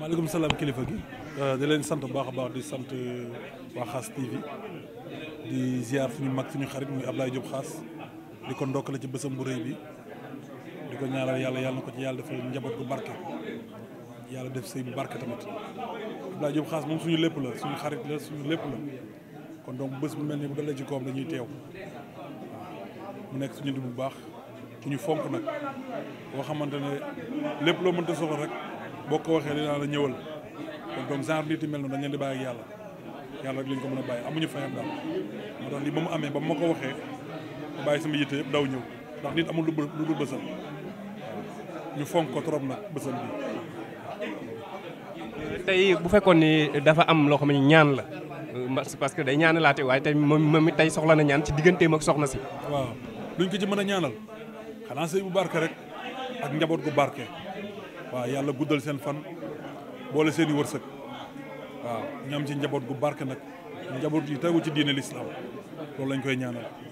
maaleykum salaam kilifa gi euh, daleen sant bu baax a baax di sant euh, waa Xaas TV di ziar suñu mag suñu xarit muy Ablaye job Xaas di ko ndokkale ci bésam bu rëy bi di ko ñaaral yàlla yàlla na ko ci yàlla defal njaboot bu barke yàlla def sëy bu barke tamit Ablaye Diop Xaas moom suñu lépp la suñu xarit la suñu lépp la kon donc bés bu mel ni bu dalee ci koom dañuy teew mu nekk suñu nit bu baax ku ñu fonk nag boo xamante ne lépp loo mënta soxla rek. boo ko waxee dinaa la ñëwal kon donc genre nit yi mel noonu dañ di bàyyi ak yàlla yàlla rek lañ ko mën a bàyyi amuñu fayam daal moo tax lii ba mu amee ba ma ko waxee ma bàyyi sama yitte yëpp daw ñëw ndax nit amul lu lu dul bësal ñu fonk ko trop nag bësal bi tey bu fekkoon ni dafa am loo xam ne ñaan la parce que day ñaanalaate waaye tey moom mi tey soxla na ñaan ci digganteem ak soxna si waaw luñ ko ci mën a ñaanal xanaa sëy bu barke rek ak njaboot gu barke waaw yàlla guddal seen fan boole seen i wërsëg waaw ñam ci njaboot gu barke nag njaboot yi tegu ci diine lislaam loolu lañ koy ñaanal